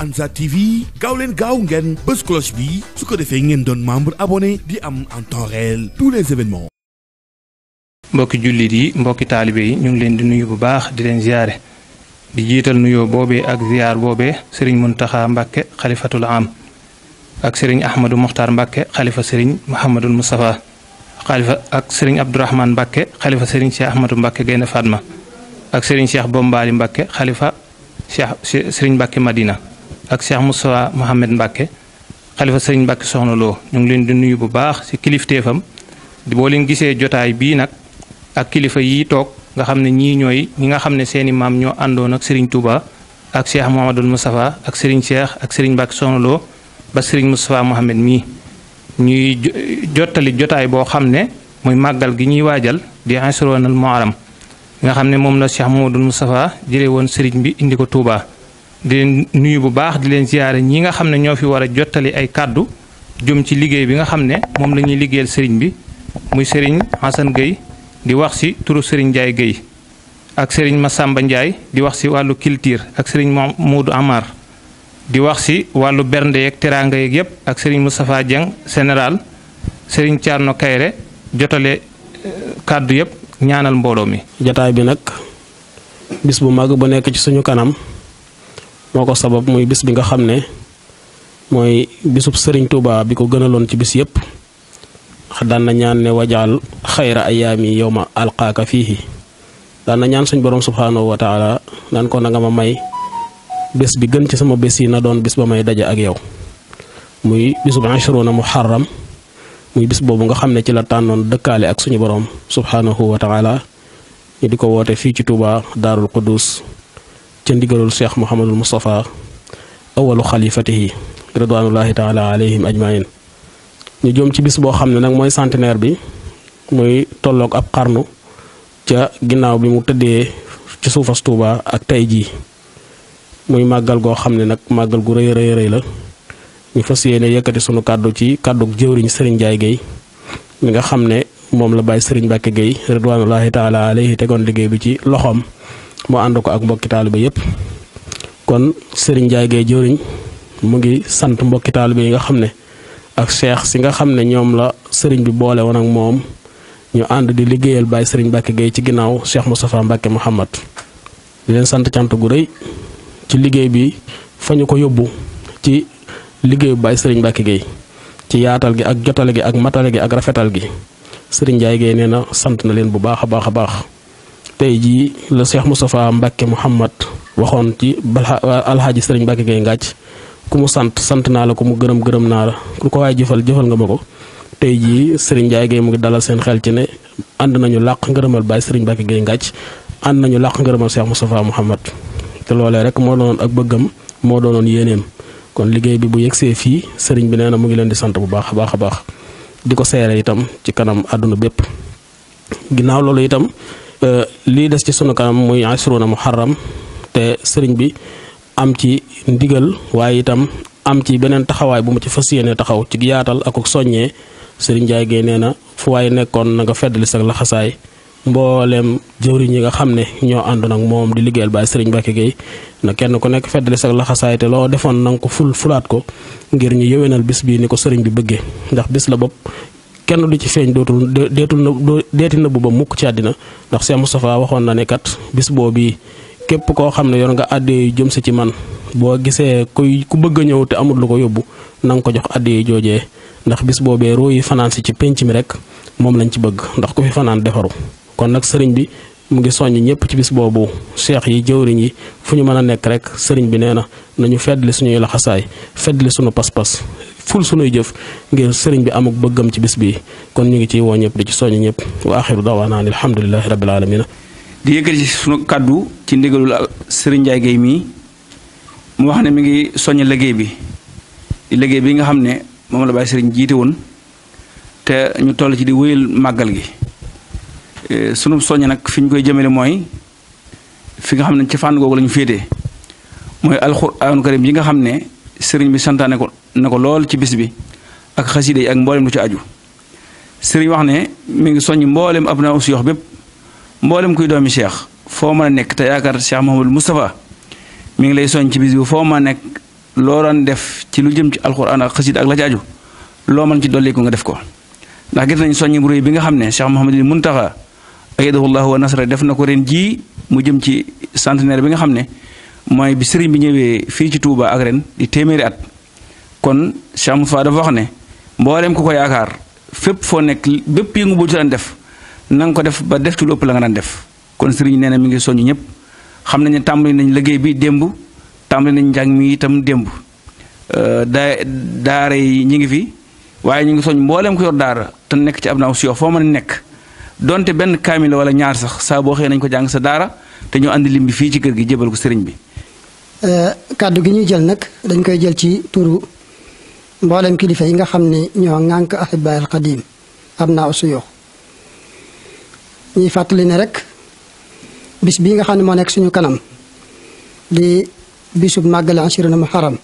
Ansar TV gaaw leen bi su ko defee ngeen doon membre abonné di am en temps réel les événements. mbokki jullit yi mbokki taalibe yi ñu ngi leen di nuyu bu baax di leen ziare di jiital nuyoo boobee ak ziar boobee sëriñ Muntaxa Mbàkke xalifatul am ak sëriñ Ahmadou Mokhtar Mbàkke xalifa sëriñ Mouhamadul Moustapha xalifa ak sëriñ Abdourahmane Mbàkke xalifa sëriñ Cheikh Ahmadou Mbàkke Gaynde Fatma ak sëriñ Cheikh Bombali Mbàkke xalifa Cheikh Sëriñ Madina ak Cheikh Moussa Mohamed Mbacke xalifa sëriñ Mbacke soxna loo ñu ngi leen di nuyu bu baax ci kilifteefam di boo leen gisee jotaay bii nag ak kilifa yi toog nga xam ne ñii ñooy ñi nga xam ne seeni maam ñoo àndoon ak sëriñ Touba ak Cheikh Mouhamadoul Moustapha ak sëriñ ak sëriñ Mbacke ba sëriñ Moustapha Mohamed mii ñuy jottali jotaay boo xam ne mooy màggal gi ñuy waajal di Ashura al nga xam ne moom la Cheikh Mouhamadoul Moustapha woon sëriñ bi indi ko Touba. di nuyu bu baax di leen ziyaare ñi nga xam ne ñoo fi war a jottali ay kàddu jëm ci liggéey bi nga xam ne moom la ñuy liggéeyal sëriñ bi muy sëriñ Hassan Gueye di wax ci turu sëriñ Ndiaye Gueye ak sëriñ Massamba Ndiaye di wax ci wàllu culture ak sëriñ Modou Amar di wax ci wàllu bernde yeeg teraanga yeeg yépp ak sëriñ Moustapha Dieng général sëriñ Thierno Kayre jotale euh, kàddu yépp ñaanal mbooloo mi. jataay bi nag bis bu mag bu nekk ci suñu kanam. moko sabab moy bis bi nga xamne ne bisub serigne Touba bi ko gënalon ci bis yépp xadan na ñaan ne wajal khaira ayami yawma alqaaka fihi dan na ñaan suñ borom subhanahu wa taala nan ko na nga ma may bis bi gën ci sama bis yi na doon bis ba may daje ak yow muy bisub ashruna muharram muy bis bobu nga xamne ne ci la tanon dekkale ak suñu borom subhanahu wa taala ni diko wote fi ci Touba darul qudus ca ndigalul cheikh Mouhamadul Moustapha awalu yi ridwanullahi taala alayhim ajmain ñu jom ci bis boo xam ne nag mooy centenaire bi muy tolloog ab xarnu ca ginnaaw bi mu tëddee ci suufas Tuuba ak tey jii muy màggal goo xam ne nag màggal gu rëy rëy rëy la ñu fas yéene yëkkati sunu kàddu ci kàddu jëwriñ Serigne Ndiaye Guèye mi nga xam ne moom la bàyyi sëriñ Mbacke Guèye ridwanullahi taala alayhi tegoon liggéey bi ci loxoom mu ànd ko ak mbokki bi yëpp kon Serigne Ndiaye Gueye jëriñ mu ngi sant mbokki taalibe yi nga xam ne ak cheikh si nga xam ne ñoom la sëriñ bi boole woon ak moom ñu ànd di liggéeyal Baye sëriñ Mbacke géey ci ginnaaw Cheikh Moustapha Mbacke Mouhamad di leen sant cant gu rëy ci liggéey bi fa ñu ko yóbbu ci liggéey liggéeyu Baye sëriñ Mbacke géey ci yaatal gi ak jotale gi ak matale gi ak rafetal gi Serigne Ndiaye Gueye nee na sant na leen bu baax a baax a baax. tey jii la Cheikh Moustapha Mbacke Mouhamad waxoon ci alxaaji sëriñ Mbacke Gueye Ngathie ku mu sant sant naa la ku mu gërëm gërëm naa la ku ko waaye jëfal jëfal nga ma ko tey jii sëriñ Ndiaye Gueye mu ngi dalal seen xel ci ne ànd nañu làq ngërëmal Baye sëriñ Mbacke Gueye Ngathie ànd nañu làq ngërëmal Cheikh Moustapha Mouhamad te loolee rek moo doon ak bëggam moo doonoon yéeneem kon liggéey bi bu yegsee fii sëriñ bi nee na mu ngi leen di sant bu baax a baax a baax di ko seere itam ci kanam àdduna bépp Euh, lii des ci sunu kanam muy na asruna xaram te sëriñ bi am ci ndigal waaye itam am ci beneen taxawaay bu mu ci fas yéene taxaw ci yaatal ak soññee sëriñ jaay Guèye na fu waaye nekkoon na nga feddali sa laxasaay mbooleem jëwriñ yi nga xam ne ñoo àndoon ak moom di liggéeyal baay sëriñ Mbacke Guèye na kenn ku nekk feddali sa laxasaay te loo defoon na ko ful fulaat ko ngir ñu yëwénal bis bii ni ko sëriñ bi bëggee ndax bis la bopp kenn du ci feñ dootul deetul na deeti bu ba mukk ci adina ndax Cheikh Moustapha waxon na ne kat bis boobu kep ko xamne yor nga adde jëm ci man bo gisee kuy ku bëgg a ñëw te amul lu ko yóbbu na ko jox adde jojé ndax bis boobee roo yi ci pench mi rek mom lañ ci bëgg ndax ku fi fanaan defaru kon nak sëriñ bi mu ngi soñ ñëpp ci bis boobu cheikh yi jëwriñ yi fu ñu mën a nekk rek sëriñ bi nee nañu feddli suñuy laxasaay fédli suñu pas-pas ful sunuy jëf ngir sëriñ bi amuk bëggam ci bis bi kon ñu ngi ciy woo ñëpp di ci soññ ñëpp wa axiru dawaanaan alhamdulilahi rabbil alamina di yëkkati ci kàddu ci ndigalul sëriñ Ndiaye Guèye mu wax ne mi ngi soññ liggéey bi liggéey bi nga xam ne moom la bàyyi sëriñ jiite woon te ñu toll ci di wéyal màggal gi e, sunu soññ nag fi ñu koy jëmale mooy fi nga xam ne ci fànn googu la ñu féetee alxuraanu karim yi nga xam ne sëriñ bi santaane ko na ko lool ci bis bi ak xasida yi ak mboolem lu ci aju sëriñ wax ne mi ngi soññ mboolem ab naa usiyox bépp mboolem kuy doomi cheikh foo ma nekk te yaakaar cheikh Mouhamadou Moustapha mi ngi lay soñ ci foo mën nekk loo daan def ci lu jëm ci alxuraan ak xasida ak la ci aju loo mën ci dolliku nga def ko ndax gis nañ soññ bu réy bi nga xam ne cheikh Mouhamadou Mountakha ayadahu llahu wa nasra def na ko reen jii mu jëm ci centenaire bi nga xam ne mooy bi sëriñ bi ñëwee fii ci Touba ak ren di téeméeri at kon Cheikh Moustapha dafa wax ne mbooleem ku ko yaakaar fépp foo nekk bépp yëngu bu ci daan def na nga ko def ba def ci lu ëpp la nga daan def kon sëriñ nee na mi ngi soññ ñëpp xam nañ ne tàmbali nañ liggéey bi démb tàmbali nañ njàng mi itam démb euh, daa daara yi ñu ngi fi waaye ñu ngi soñ mboolem ko yor daara te nekk ci ab na si yoo foo mën a nekk donte benn kaamil la wala ñaar sax saa boo xëyee nañ ko jàng sa daara te ñoo andi lim fii ci kër gi jébal ko bi. Eh, kaddu gi ñuy jël nak dañ koy jël ci turu mbolam kilifa yi nga hamni ne ñoo ŋànk al qadim am naa usuyoo ñuy fàttali ne rek bis bi nga xam mo nek suñu kanam di bisub magal ashirun muharram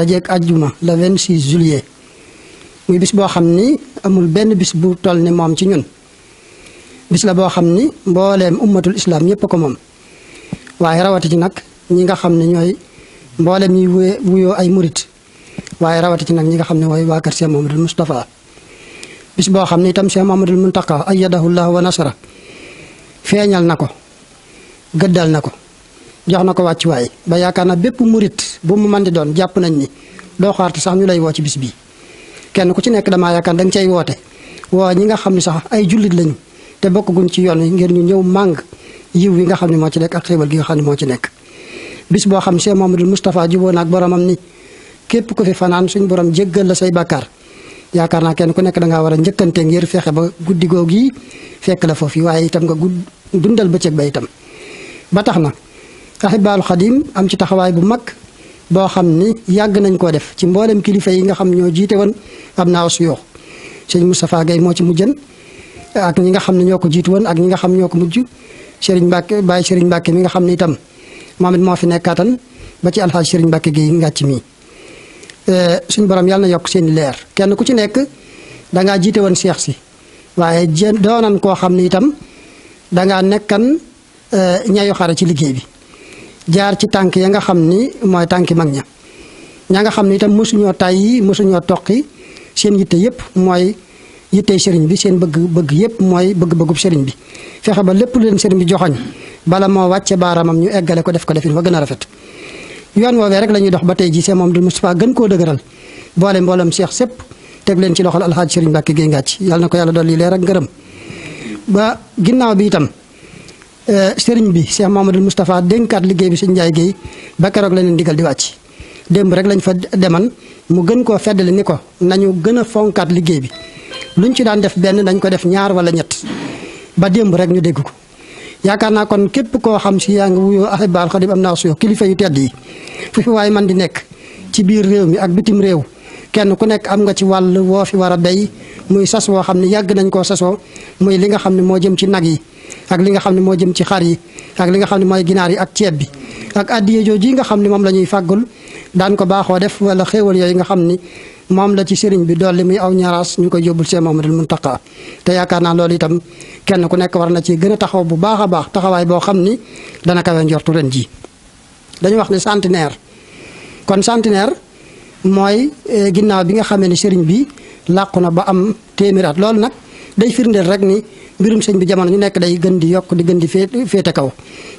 ak aljuma le 26 juillet muy bis bo xamni amul benn bis bu toll ni mom ci ñun bis la bo xamni ni ummatul islam ñepp ko mom waye rawati ci nak ñi nga xamne ñoy ñooy mi wuyo ay murit waye rawati ci nak ñi nga xamne way wa waa kër Cheikh Mamadou mustafa bis bo xamne tam Cheikh Mamadou muntaka ayyadahu allah wa nasara feñal nako, gëddal nako jox nako wacc way ba na bépp murit bu mu mën di doon japp nañ ni do xaarte sax ñu lay wo ci bis bi kenn ku ci nekk dama yaakaar da cey wote wo ñi nga xamne sax ay julit lañu te guñ ci yoon ñu ñew mang yiw wi nga xamne mo ci nek ak xewal gi nga xamne mo ci nek bis bo xam Cheikh Mamadou Moustapha juboo naag boromam ni kep ko fi fanan suñ borom djegal la say bakkaar yakarna ken ku nek da nga wara ñeukante ngir fexé ba guddi gogui fekk la fofu waye itam nga gudd dundal ak ba itam. ba taxna na Khadim am ci taxaway bu mak bo xam ni yàgg nañ ko def ci mbolam kilifa yi nga xam ñoo jité won amna naa suyoo sëñ Moustapha Guèye moo ci mujjen ak ñi nga xam ne ñoo ko ak ñi nga xam ko Serigne Mbacke Baye Serigne Mbacke mi nga xam ni itam. moom it moo fi nekkaatan ba ci alxaaj sëriñ Mbàkke gi ngàcc mi eh, suñ borom yàlla na yokk seen leer kenn ku ci nekk dangaa jiite woon seex si waaye jé doonan koo xam ni itam dangaa nekkan eh, ñayu xare ci liggéey bi jaar ci tànk ya nga xam ni mooy tànki mag ña ña nga xam ni itam mosuñoo tàyyi mosuñoo toqi seen yitte yépp mooy yittey sëriñ bi seen bëgg-bëgg yépp mooy bëgg-bëggub sëriñ bi fexe ba lépp lu leen sëriñ bi joxoñ bala moo wàcce baaraamam ñu eggale ko def ko defin wa gëna rafet yoon woowee rek lañuy dox ba tay ji see mom dul mustafa gën ko dëgëral boole mbolam Cheikh sepp tegg leen ci loxol alxaaj Serigne Mbacke gey yalla nako yalla dolli leer ak ba ginnaw bi itam euh, Serigne bi Cheikh Mamadou Mustafa? denkat liggey bi Serigne jay gey ba keroog leen digal di wacc demb rek lañ fa deman mu gën ko feddali ni ko nañu gëna fonkat liggey bi luñ ci daan def ben nañ ko def ñaar wala ñett ba demb rek ñu degg ko yaakaar naa kon képp koo xam si yaa ngi wuyoo Ahibahil Khadim am naa suyo kilifa yu tedd yi fu fi waaye man di nekk ci biir réew mi ak bitim réew kenn ku nekk am nga ci wàll woo fi war a béy muy sas woo xam ne yàgg nañ koo sasoo muy li nga xam ne moo jëm ci nag yi ak li nga xam ne moo jëm ci xar yi ak li nga xam ne mooy ginaar yi ak ceeb bi ak addiye jooju yi nga xam ni moom lañuy fàggul daan ko baaxoo def wala xéewal yooyu nga xam ni moom la ci sëriñ bi dolli muy aw ñaraas ñu koy yóbbul Cheikh Mouhamadoul Mountakha te yaakaar naa loolu itam kenn ku nekk war na ci gën a taxaw bu baax a baax taxawaay boo xam ni dana kawe njortu ren ji dañu wax ni centenaire kon centenaire mooy eh, ginnaaw bi nga xamee ni sëriñ bi làqu na ba am téeméer at loolu nag day firndeel rek ni. mbirum sëñ bi jamono ñu nekk day gën di yokk di gën di féete kaw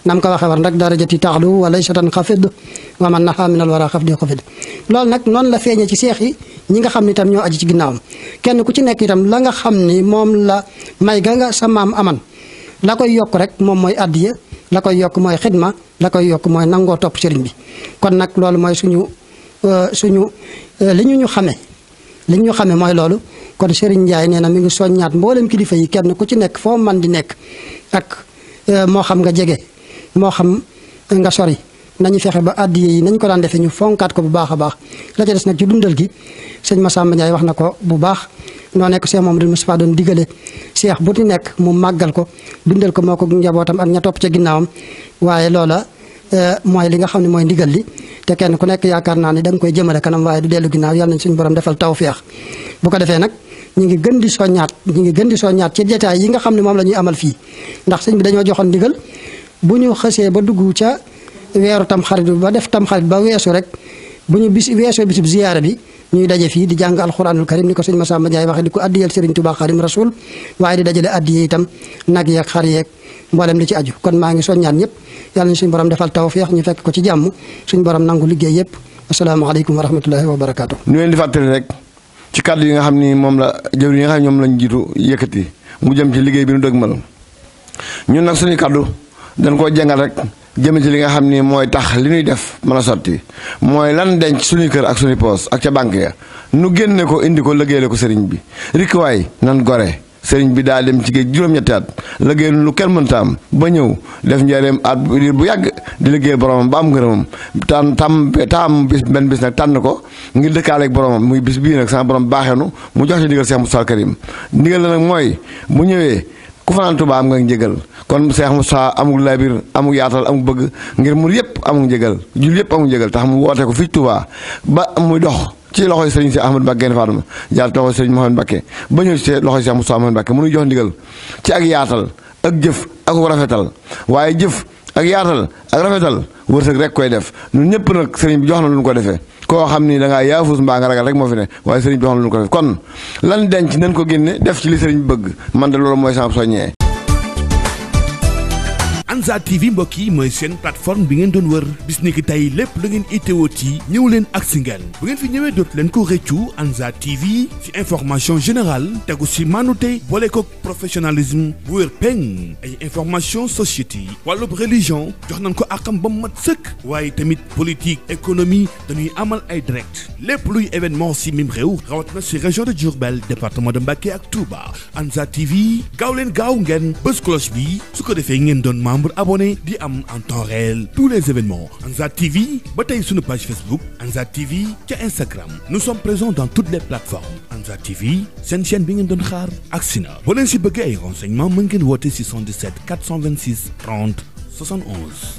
nam ko waxee war nag darajati taaxlu wala satan xafid wa man na minal wara xaf di xafid loolu nag noonu la feeñee ci seex yi ñi nga xam ni itam ñoo aj ci ginnaawam kenn ku ci nekk tam la nga xam ni moom la may ga nga sa maam aman la koy yokk rek moom mooy addiya la koy yokk mooy xidma la koy yokk mooy nangoo topp sëriñ bi kon nag loolu mooy suñu euh, suñu euh, li ñu ñu xamee li ñu xamee mooy loolu kon Serigne Ndiaye neena mi ngi soñnat mboolem kilifa yi kenn ku ci nek fo man di nek ak e, mo xam nga jégué mo xam nga sori nañu fexé ba addiye yi nañ ko daan defee ñu fonkat ko bu baaxa baax la ci dess nak ci dundal gi serigne Massamba Ndiaye wax nako bu baax no nek Cheikh Mamadou Moustapha done digale Cheikh bu ti nek mu magal ko dundal ko moko njabotam ak ña topp ca ginnaawam waaye loola e, moy li nga xamni moy ndigal li te kenn ku nek yakarna ni dang koy jëmele kanam waye du delu ginnaaw yalla nañ suñu borom defal tawfiq bu ko defé nak ñi ngi gën di soññaat ñi ngi gën di soññaat ci jataay yi nga xamni mom lañuy amal fi. ndax señ bi dañoo joxon digël bu ñu xësee ba duggu ca wéru tam xarit ba def tam xarit ba wéssu rek bu ñu bis wéssu bisub ziyara bi ñuy dajé fi di jang alquranul karim ni ko sëñ Massamba Ndiaye waxee di ko addiyal señ Touba Rasul waaye di dajale addiyé itam nag yeeg xar yeeg mboolem li ci aju kon ma ngi soññaan ñep yalla ñu señ borom defal tawfeex ñu fekk ko ci jamm señ borom nangul liggéey wa rahmatullahi ci kàddu yi nga xam ni moom la jëw yi nga xam ne ñoom lañ jiitu yëkkati mu jëm ci liggéey bi nu dëgmal ñun nag suñu kàddu dañ koo jàngal rek jëme ci li nga xam ni mooy tax li ñuy def mën a sotti mooy lan denc suñuy kër ak suñu poos ak ca banque ya nu génne ko indi ko liggéeyale ko sëriñ bi rikkiwaay nan gore Sering bi dal dem ci geej juroom ñetti at geen lu kenn mën tam ba ñew def njëreem at bu di liggey borom ba am tan tam tam bis ben bis nak tan ko ngir ak borom muy bis bi nak sa borom baxenu mu jox ci digal Cheikh Moussa Karim digal la nag mooy bu ku am nga ngeegal kon cheikh moussa amul labir amul yaatal amul bëgg ngir mu yépp amul ngeegal jul yépp amul ngeegal tax mu woote ko fi touba ba muy dox ci loxo sëriñ si Ahmad Mbakke Gaynde Fatma jaar loxoy sëriñ Mouhamed Mbakke ba ñëw ci loxoy si Moustapha Mouhamed Mbakke mënuy jox ndigal ci ak yaatal ak jëf ak rafetal waaye jëf ak yaatal ak rafetal wërsëg rek koy def ñun ñëpp nag sëriñ bi jox na lu ko defee koo xam ni da ngaa yaafus mbaa nga ragal rek moo fi ne waaye sëriñ bi jox na lu ko defee kon lan denc nañ ko génne def ci li sëriñ bi bëgg man de loolu mooy sama soññee ANZA TV Mbokki moy sen plateforme bi ngeen doon wër bis ni ki tey lépp lu ngeen itteewooti ñëw leen ak singal bu ngeen fi leen ko Anza TV ci information générale tagu ci manouté boole ko professionnalisme bu wër peng ay information société wàllub religion jox nañ ko àqam ba mat sëkk waye tamit politique économie dañuy amal ay direct lépp luy événement si mim réew rawat na ci région de Djourbel département de Mbacké ak Touba ANZA TV gaaw leen gaaw ngeen cloche bi su ko défé ngeen doon membre abonné di am en temps réel tous les événements Anza TV bataille sur notre page Facebook Anza TV ca Instagram nous sommes présents dans toutes les plateformes Anza TV une chaîne bi ngeen doon xaar ak sina si bëggee ay renseignements mën ngeen woté 426 30 71